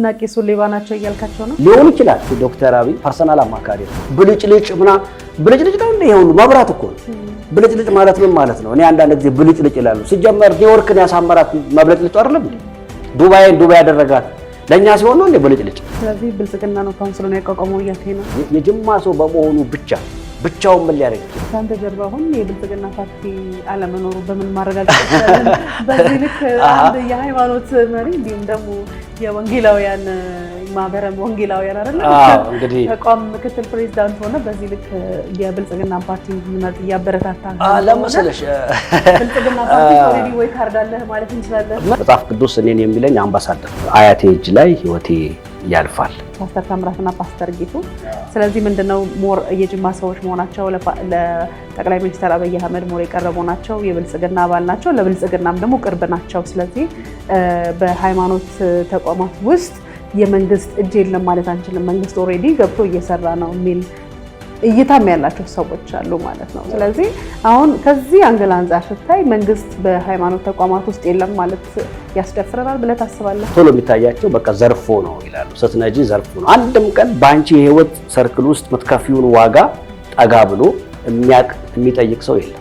እና ቄሱ ሌባ ናቸው እያልካቸው ነው? ሊሆን ይችላል። ዶክተር አብይ ፐርሰናል አማካሪ ነው። ብልጭልጭ ምና ብልጭልጭ ነው እንደ ይሁን መብራት እኮ ነው። ብልጭልጭ ማለት ምን ማለት ነው? እኔ አንዳንድ ጊዜ ብልጭልጭ ይላሉ። ሲጀመር ኒውዮርክን ያሳመራት መብለጭልጭ አይደለም ዱባይን ዱባይ ያደረጋት ለእኛ ሲሆን ነው እንደ ብልጭልጭ። ስለዚህ ብልጽግና ነው ካውንስሉን ያቋቋመው እያልከኝ ነው? የጅማ ሰው በመሆኑ ብቻ ብቻውን ምን ሊያደርግ ከአንተ ጀርባ አሁን የብልጽግና ፓርቲ አለመኖሩ በምን ማረጋገጥ ይቻላል? በዚህ ልክ አንድ የሃይማኖት መሪ እንዲሁም ደግሞ የወንጌላውያን ማህበረ ወንጌላውያን አይደለም እንግዲህ ተቋም ምክትል ፕሬዚዳንት ሆነ በዚህ ልክ የብልጽግና ፓርቲ እንዲመርጥ እያበረታታ ለመሰለሽ ብልጽግና ፓርቲ ኦልሬዲ ወይ ታርዳለህ ማለት እንችላለን። መጽሐፍ ቅዱስ እኔን የሚለኝ አምባሳደር አያቴ እጅ ላይ ህይወቴ ያልፋል ፓስተር ተምራትና ፓስተር ጌቱ። ስለዚህ ምንድነው ሞር የጅማ ሰዎች መሆናቸው ለጠቅላይ ሚኒስትር አብይ አህመድ ሞር የቀረቡ ናቸው። የብልጽግና አባል ናቸው፣ ለብልጽግናም ደግሞ ቅርብ ናቸው። ስለዚህ በሃይማኖት ተቋማት ውስጥ የመንግስት እጅ የለም ማለት አንችልም። መንግስት ኦልሬዲ ገብቶ እየሰራ ነው የሚል እይታም ያላቸው ሰዎች አሉ ማለት ነው። ስለዚህ አሁን ከዚህ አንግል አንጻር ስታይ መንግስት በሃይማኖት ተቋማት ውስጥ የለም ማለት ያስደፍረናል ብለህ ታስባለህ? ቶሎ የሚታያቸው በቃ ዘርፎ ነው ይላሉ። ስትነጂ ዘርፎ ነው። አንድም ቀን በአንቺ የህይወት ሰርክል ውስጥ መትከፊውን ዋጋ ጠጋ ብሎ የሚያቅ የሚጠይቅ ሰው የለም።